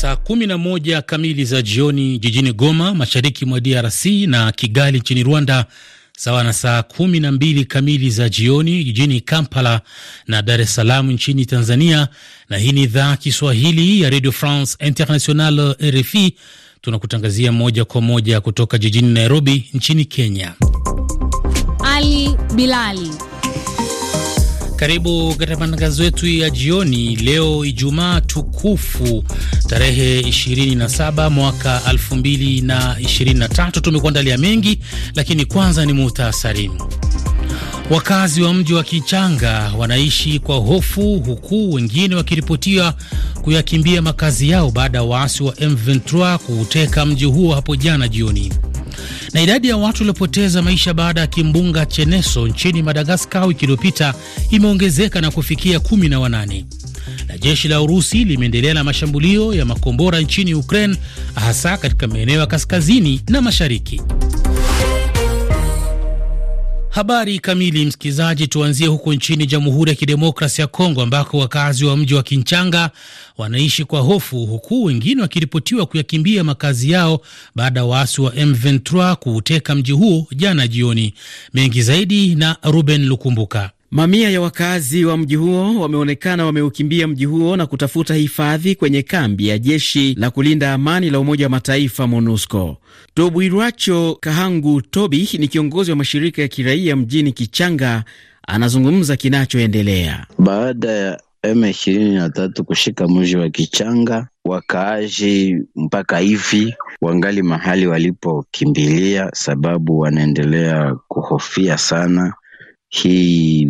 Saa 11 kamili za jioni jijini Goma, mashariki mwa DRC na Kigali nchini Rwanda, sawa na saa 12 kamili za jioni jijini Kampala na Dar es Salaam nchini Tanzania. Na hii ni idhaa Kiswahili ya Radio France International, RFI. Tunakutangazia moja kwa moja kutoka jijini Nairobi nchini Kenya. Ali Bilali, karibu katika matangazo yetu ya jioni leo, Ijumaa tukufu tarehe 27 mwaka 2023. Tumekuandalia mengi, lakini kwanza ni muhtasari. Wakazi wa mji wa Kichanga wanaishi kwa hofu, huku wengine wakiripotiwa kuyakimbia makazi yao baada ya waasi wa M23 kuuteka mji huo hapo jana jioni. Na idadi ya watu waliopoteza maisha baada ya kimbunga Cheneso nchini Madagaskar wiki iliyopita imeongezeka na kufikia 1 na wanane. Na jeshi la Urusi limeendelea na mashambulio ya makombora nchini Ukraine, hasa katika maeneo ya kaskazini na mashariki. Habari kamili, msikilizaji. Tuanzie huko nchini Jamhuri ya Kidemokrasi ya Kongo, ambako wakazi wa mji wa Kinchanga wanaishi kwa hofu, huku wengine wakiripotiwa kuyakimbia makazi yao baada ya waasi wa M23 kuuteka mji huo jana jioni. Mengi zaidi na Ruben Lukumbuka. Mamia ya wakazi wa mji huo wameonekana wameukimbia mji huo na kutafuta hifadhi kwenye kambi ya jeshi la kulinda amani la Umoja wa Mataifa MONUSCO. Tobwirwacho Kahangu Tobi ni kiongozi wa mashirika ya kiraia mjini Kichanga, anazungumza kinachoendelea baada ya M23 kushika mji wa Kichanga. Wakaaji mpaka hivi wangali mahali walipokimbilia, sababu wanaendelea kuhofia sana hii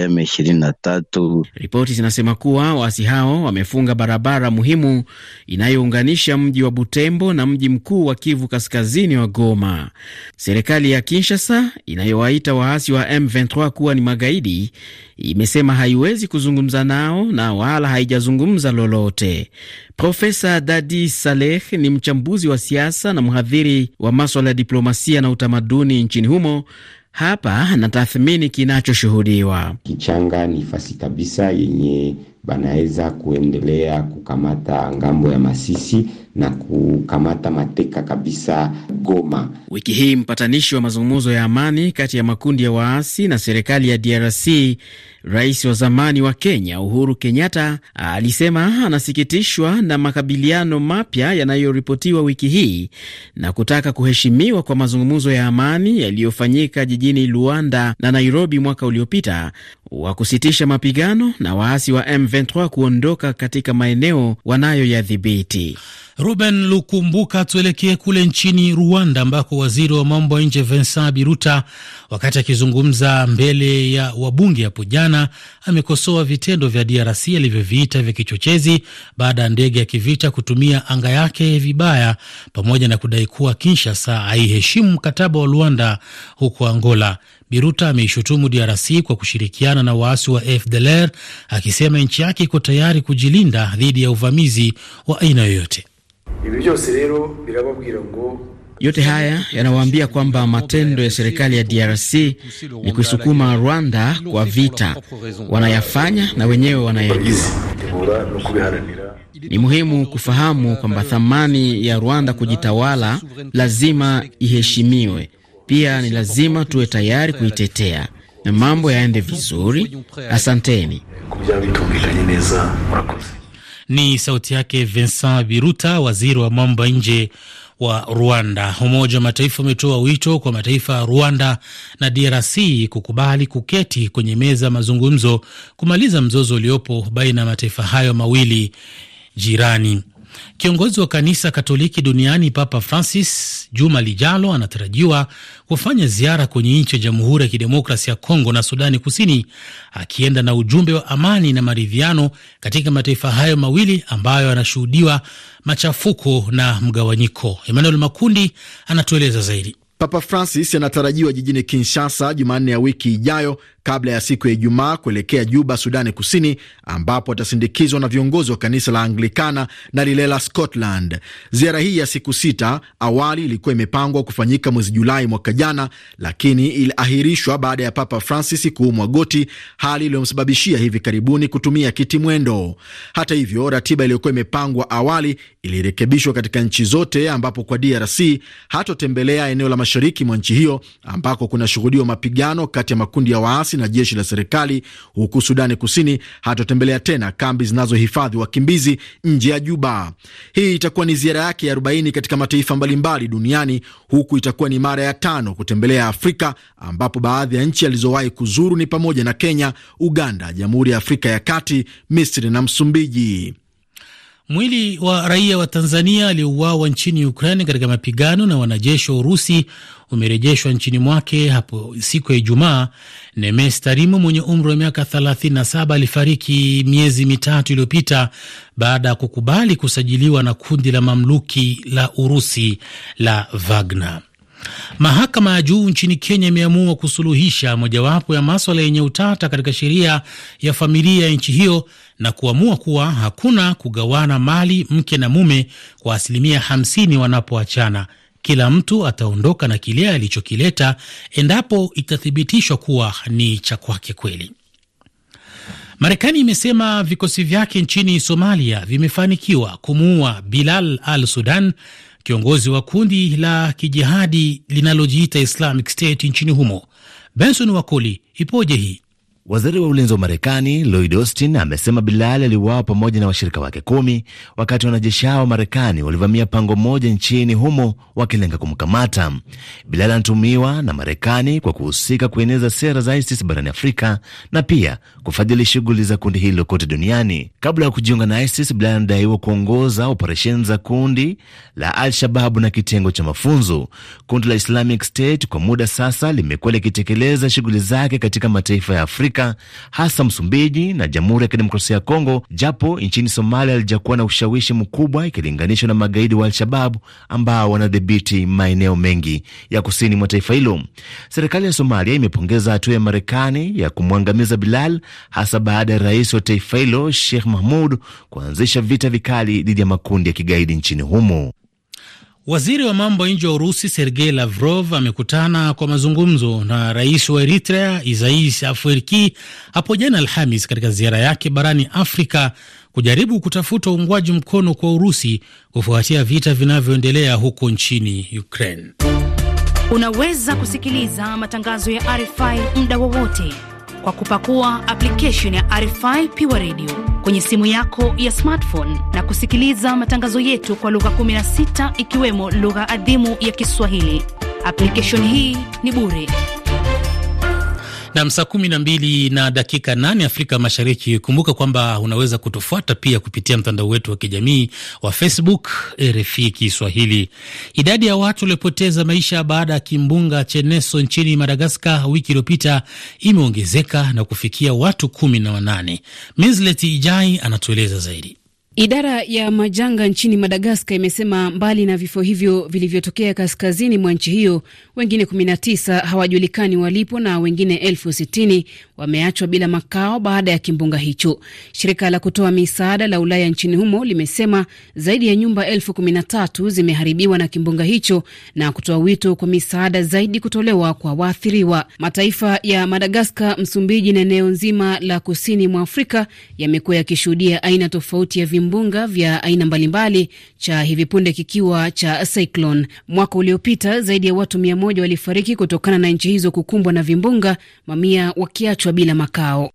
M23. Ripoti zinasema kuwa waasi hao wamefunga barabara muhimu inayounganisha mji wa Butembo na mji mkuu wa Kivu Kaskazini wa Goma. Serikali ya Kinshasa inayowaita waasi wa M23 kuwa ni magaidi imesema haiwezi kuzungumza nao na wala haijazungumza lolote. Profesa Dadi Saleh ni mchambuzi wa siasa na mhadhiri wa maswala ya diplomasia na utamaduni nchini humo hapa anatathmini kinachoshuhudiwa. Kichanga ni fasi kabisa yenye banaweza kuendelea kukamata ngambo ya Masisi na kukamata mateka kabisa Goma. Wiki hii mpatanishi wa mazungumzo ya amani kati ya makundi ya waasi na serikali ya DRC, rais wa zamani wa Kenya Uhuru Kenyatta alisema anasikitishwa na makabiliano mapya yanayoripotiwa wiki hii na kutaka kuheshimiwa kwa mazungumzo ya amani yaliyofanyika jijini Luanda na Nairobi mwaka uliopita wa kusitisha mapigano na waasi wa M23 kuondoka katika maeneo wanayoyadhibiti. Ruben Lukumbuka, tuelekee kule nchini Rwanda ambako waziri wa mambo ya nje Vincent Biruta, wakati akizungumza mbele ya wabunge hapo jana, amekosoa vitendo vya DRC alivyoviita vya kichochezi baada ya ndege ya kivita kutumia anga yake vibaya, pamoja na kudai kuwa Kinshasa haiheshimu mkataba wa Luanda huko Angola. Biruta ameishutumu DRC kwa kushirikiana na waasi wa FDLR akisema nchi yake iko tayari kujilinda dhidi ya uvamizi wa aina yoyote ibi byose rero birababwira ngo yote haya yanawaambia kwamba matendo ya serikali ya DRC ni kuisukuma Rwanda kwa vita. Wanayafanya na wenyewe wanayajua. Ni muhimu kufahamu kwamba thamani ya Rwanda kujitawala lazima iheshimiwe. Pia ni lazima tuwe tayari kuitetea na mambo yaende vizuri. Asanteni. Ni sauti yake Vincent Biruta, waziri wa mambo ya nje wa Rwanda. Umoja wa Mataifa umetoa wito kwa mataifa ya Rwanda na DRC kukubali kuketi kwenye meza ya mazungumzo kumaliza mzozo uliopo baina ya mataifa hayo mawili jirani. Kiongozi wa kanisa Katoliki duniani Papa Francis juma lijalo anatarajiwa kufanya ziara kwenye nchi ya Jamhuri ya Kidemokrasi ya Kongo na Sudani Kusini, akienda na ujumbe wa amani na maridhiano katika mataifa hayo mawili ambayo yanashuhudiwa machafuko na mgawanyiko. Emmanuel Makundi anatueleza zaidi. Papa Francis anatarajiwa jijini Kinshasa Jumanne ya wiki ijayo kabla ya siku ya Ijumaa kuelekea Juba, Sudani Kusini, ambapo atasindikizwa na viongozi wa kanisa la Anglikana na lile la Scotland. Ziara hii ya siku sita awali ilikuwa imepangwa kufanyika mwezi Julai mwaka jana, lakini iliahirishwa baada ya Papa Francis kuumwa goti, hali iliyomsababishia hivi karibuni kutumia kiti mwendo. Hata hivyo, ratiba iliyokuwa imepangwa awali ilirekebishwa katika nchi zote, ambapo kwa DRC hatotembelea eneo la mashariki mwa nchi hiyo ambako kunashuhudiwa mapigano kati ya makundi ya waasi na jeshi la serikali, huku Sudani Kusini hatotembelea tena kambi zinazohifadhi wakimbizi nje ya Juba. Hii itakuwa ni ziara yake ya 40 katika mataifa mbalimbali duniani, huku itakuwa ni mara ya tano kutembelea Afrika, ambapo baadhi ya nchi alizowahi kuzuru ni pamoja na Kenya, Uganda, Jamhuri ya Afrika ya Kati, Misri na Msumbiji. Mwili wa raia wa Tanzania aliyeuawa nchini Ukraine katika mapigano na wanajeshi wa Urusi umerejeshwa nchini mwake hapo siku ya Ijumaa. Nemes Tarimo mwenye umri wa miaka 37 alifariki miezi mitatu iliyopita baada ya kukubali kusajiliwa na kundi la mamluki la Urusi la Wagner. Mahakama ya juu nchini Kenya imeamua kusuluhisha mojawapo ya maswala yenye utata katika sheria ya familia ya nchi hiyo na kuamua kuwa hakuna kugawana mali mke na mume kwa asilimia 50 wanapoachana. Kila mtu ataondoka na kile alichokileta endapo itathibitishwa kuwa ni cha kwake kweli. Marekani imesema vikosi vyake nchini Somalia vimefanikiwa kumuua Bilal al Sudan, kiongozi wa kundi la kijihadi linalojiita Islamic State nchini humo. Benson Wakoli, ipoje hii? Waziri wa ulinzi wa Marekani Lloyd Austin amesema Bilal aliuawa pamoja na washirika wake kumi wakati wanajeshi hao wa Marekani walivamia pango moja nchini humo wakilenga kumkamata. Bilal anatumiwa na Marekani kwa kuhusika kueneza sera za ISIS barani Afrika na pia kufadhili shughuli za kundi hilo kote duniani. Kabla ya kujiunga na ISIS, Bilal anadaiwa kuongoza operesheni za kundi la Al-Shababu na kitengo cha mafunzo. Kundi la Islamic State kwa muda sasa limekuwa likitekeleza shughuli zake katika mataifa ya Afrika Afrika, hasa Msumbiji na Jamhuri ya Kidemokrasia ya Kongo, japo nchini Somalia alijakuwa na ushawishi mkubwa ikilinganishwa na magaidi wa Al-Shababu ambao wanadhibiti maeneo mengi ya kusini mwa taifa hilo. Serikali ya Somalia imepongeza hatua ya Marekani ya kumwangamiza Bilal, hasa baada ya rais wa taifa hilo Sheikh Mahmud kuanzisha vita vikali dhidi ya makundi ya kigaidi nchini humo. Waziri wa mambo ya nje wa Urusi Sergei Lavrov amekutana kwa mazungumzo na rais wa Eritrea Isais Afwerki hapo jana Alhamis katika ziara yake barani Afrika kujaribu kutafuta uungwaji mkono kwa Urusi kufuatia vita vinavyoendelea huko nchini Ukraine. Unaweza kusikiliza matangazo ya RFI muda wowote kwa kupakua application ya RFI Pure Radio kwenye simu yako ya smartphone na kusikiliza matangazo yetu kwa lugha 16 ikiwemo lugha adhimu ya Kiswahili. Application hii ni bure. Nam, saa kumi na mbili na dakika nane Afrika Mashariki. Kumbuka kwamba unaweza kutufuata pia kupitia mtandao wetu wa kijamii wa Facebook RFI Kiswahili. Idadi ya watu waliopoteza maisha baada ya kimbunga Cheneso nchini Madagaskar wiki iliyopita imeongezeka na kufikia watu kumi na wanane. Mislet Ijai anatueleza zaidi. Idara ya majanga nchini Madagaskar imesema mbali na vifo hivyo vilivyotokea kaskazini mwa nchi hiyo, wengine 19 hawajulikani walipo na wengine elfu sitini wameachwa bila makao baada ya kimbunga hicho. Shirika la kutoa misaada la Ulaya nchini humo limesema zaidi ya nyumba elfu kumi na tatu zimeharibiwa na kimbunga hicho na kutoa wito kwa misaada zaidi kutolewa kwa waathiriwa. Mataifa ya Madagaskar, Msumbiji na eneo nzima la kusini mwa Afrika yamekuwa yakishuhudia aina tofauti ya vimbunga vya aina mbalimbali, cha hivi punde kikiwa cha cyclone. Mwaka uliopita zaidi ya watu mia moja walifariki kutokana na nchi hizo kukumbwa na vimbunga, mamia wakiachwa kuachwa bila makao.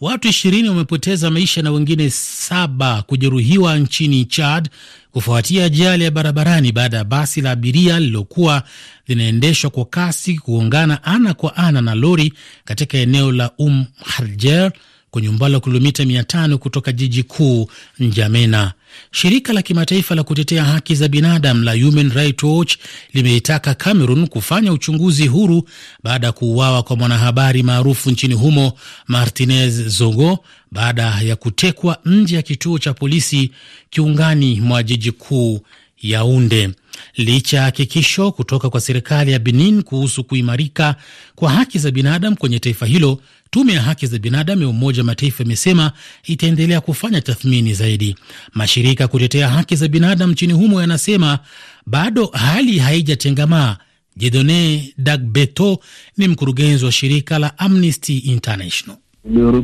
Watu ishirini wamepoteza maisha na wengine saba kujeruhiwa nchini Chad kufuatia ajali ya barabarani baada ya basi la abiria lililokuwa linaendeshwa kwa kasi kuungana ana kwa ana na lori katika eneo la umharjer Harjer kwenye umbali wa kilomita 500 kutoka jiji kuu Njamena. Shirika la kimataifa la kutetea haki za binadamu la Human Rights Watch limeitaka Cameroon kufanya uchunguzi huru baada ya kuuawa kwa mwanahabari maarufu nchini humo Martinez Zogo baada ya kutekwa nje ya kituo cha polisi kiungani mwa jiji kuu Yaunde. Licha ya hakikisho kutoka kwa serikali ya Benin kuhusu kuimarika kwa haki za binadamu kwenye taifa hilo, Tume ya haki za binadamu ya Umoja Mataifa imesema itaendelea kufanya tathmini zaidi. Mashirika ya kutetea haki za binadamu nchini humo yanasema bado hali haijatengamaa. Jedone Dagbeto ni mkurugenzi wa shirika la Amnesty International. Euh,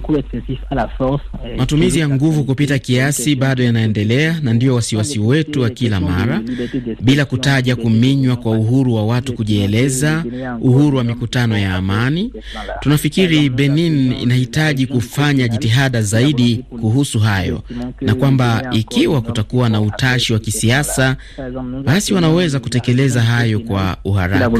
Matumizi ya nguvu kupita kiasi bado yanaendelea na ndiyo wasiwasi wetu wa kila mara, bila kutaja kuminywa kwa uhuru wa watu kujieleza, uhuru wa mikutano ya amani. Tunafikiri Benin inahitaji kufanya jitihada zaidi kuhusu hayo, na kwamba ikiwa kutakuwa na utashi wa kisiasa, basi wanaweza kutekeleza hayo kwa uharaka.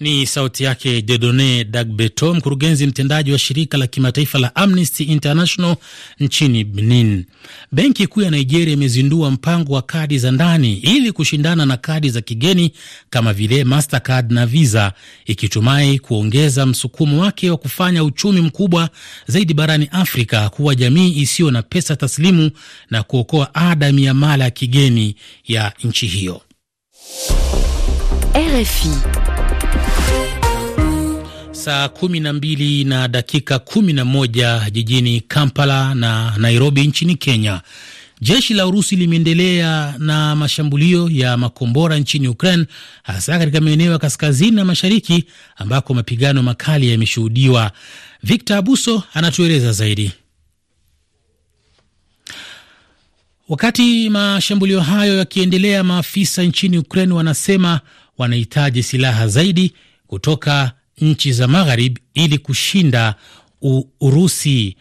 Ni sauti yake Dedone Dagbeto, mkurugenzi mtendaji wa shirika la kimataifa la Amnesty International nchini Benin. Benki kuu ya Nigeria imezindua mpango wa kadi za ndani ili kushindana na kadi za kigeni kama vile Mastercard na Visa, ikitumai kuongeza msukumo wake wa kufanya uchumi mkubwa zaidi barani Afrika kuwa jamii isiyo na pesa taslimu na kuokoa ada ya miamala ya kigeni ya nchi hiyo. RFI Saa kumi na mbili na dakika kumi na moja jijini Kampala na Nairobi nchini Kenya. Jeshi la Urusi limeendelea na mashambulio ya makombora nchini Ukraine, hasa katika maeneo ya kaskazini na mashariki ambako mapigano makali yameshuhudiwa. Victor Abuso anatueleza zaidi. Wakati mashambulio hayo yakiendelea, maafisa nchini Ukraine wanasema wanahitaji silaha zaidi kutoka nchi za magharibi ili kushinda Urusi.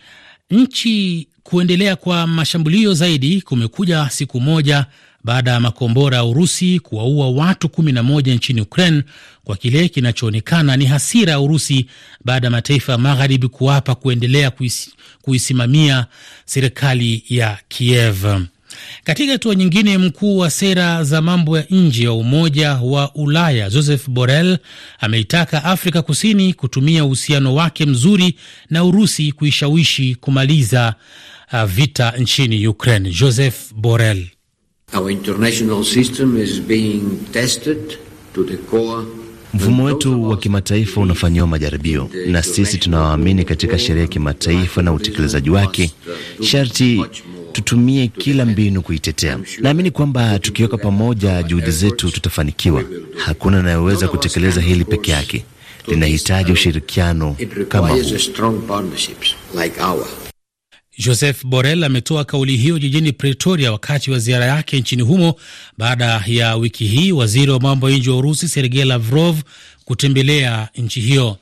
Nchi kuendelea kwa mashambulio zaidi kumekuja siku moja baada ya makombora ya Urusi kuwaua watu kumi na moja nchini Ukraine kwa kile kinachoonekana ni hasira ya Urusi baada ya mataifa ya magharibi kuapa kuendelea kuisimamia serikali ya Kiev. Katika hatua nyingine, mkuu wa sera za mambo ya nje ya Umoja wa Ulaya Joseph Borrell ameitaka Afrika Kusini kutumia uhusiano wake mzuri na Urusi kuishawishi kumaliza uh, vita nchini Ukraine. Joseph Borrell: Our international system is being tested to the core Mfumo wetu wa kimataifa unafanyiwa majaribio, na sisi tunawaamini katika sheria ya kimataifa na utekelezaji wake. Sharti tutumie kila mbinu kuitetea. Naamini kwamba tukiweka pamoja juhudi zetu tutafanikiwa. Hakuna anayeweza kutekeleza hili peke yake, linahitaji ushirikiano kama huu. Joseph Borrell ametoa kauli hiyo jijini Pretoria wakati wa ziara yake nchini humo baada ya wiki hii waziri wa mambo ya nje wa Urusi Sergei Lavrov kutembelea nchi hiyo.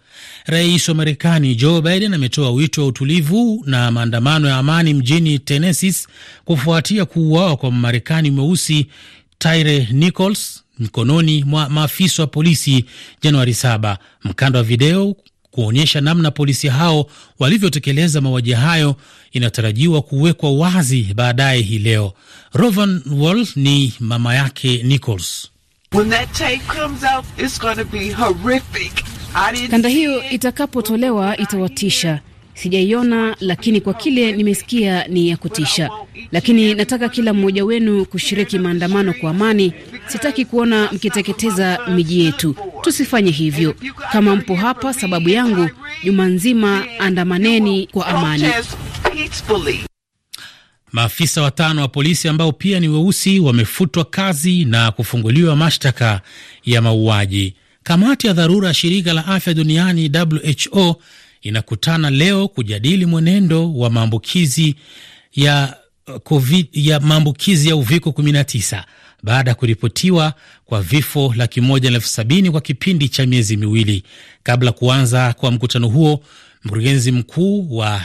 Rais wa Marekani Joe Biden ametoa wito wa utulivu na maandamano ya amani mjini Tennessee kufuatia kuuawa kwa Marekani mweusi Tyre Nichols mikononi mwa maafisa wa polisi Januari 7. Mkanda wa video kuonyesha namna polisi hao walivyotekeleza mauaji hayo inatarajiwa kuwekwa wazi baadaye hii leo. Rovan Wall ni mama yake Nichols. When that tape comes out, it's Kanda hiyo itakapotolewa itawatisha. Sijaiona, lakini kwa kile nimesikia ni ya kutisha. Lakini nataka kila mmoja wenu kushiriki maandamano kwa amani. Sitaki kuona mkiteketeza miji yetu, tusifanye hivyo. Kama mpo hapa sababu yangu, juma nzima andamaneni kwa amani. Maafisa watano wa polisi ambao pia ni weusi wamefutwa kazi na kufunguliwa mashtaka ya mauaji. Kamati ya dharura ya shirika la afya duniani WHO inakutana leo kujadili mwenendo wa maambukizi ya uh, COVID, ya maambukizi ya uviko 19 baada ya kuripotiwa kwa vifo laki moja na elfu sabini kwa kipindi cha miezi miwili. Kabla kuanza kwa mkutano huo, mkurugenzi mkuu wa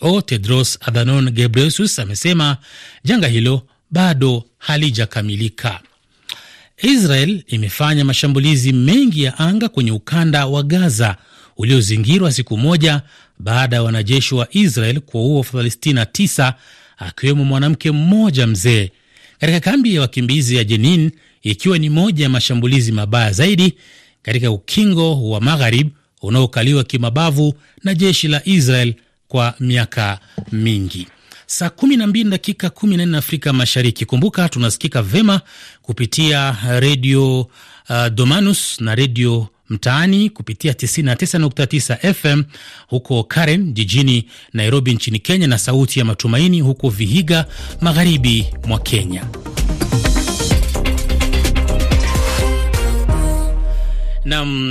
WHO Tedros Adhanom Ghebreyesus amesema janga hilo bado halijakamilika. Israel imefanya mashambulizi mengi ya anga kwenye ukanda wa Gaza uliozingirwa siku moja baada ya wanajeshi wa Israel kuwaua Wapalestina tisa akiwemo mwanamke mmoja mzee katika kambi ya wakimbizi ya Jenin, ikiwa ni moja ya mashambulizi mabaya zaidi katika ukingo wa magharibi unaokaliwa kimabavu na jeshi la Israel kwa miaka mingi saa 12 dakika 14 Afrika Mashariki. Kumbuka tunasikika vema kupitia redio uh, Domanus na redio mtaani kupitia 99.9 FM huko Karen jijini Nairobi nchini Kenya, na Sauti ya Matumaini huko Vihiga magharibi mwa Kenya. Nam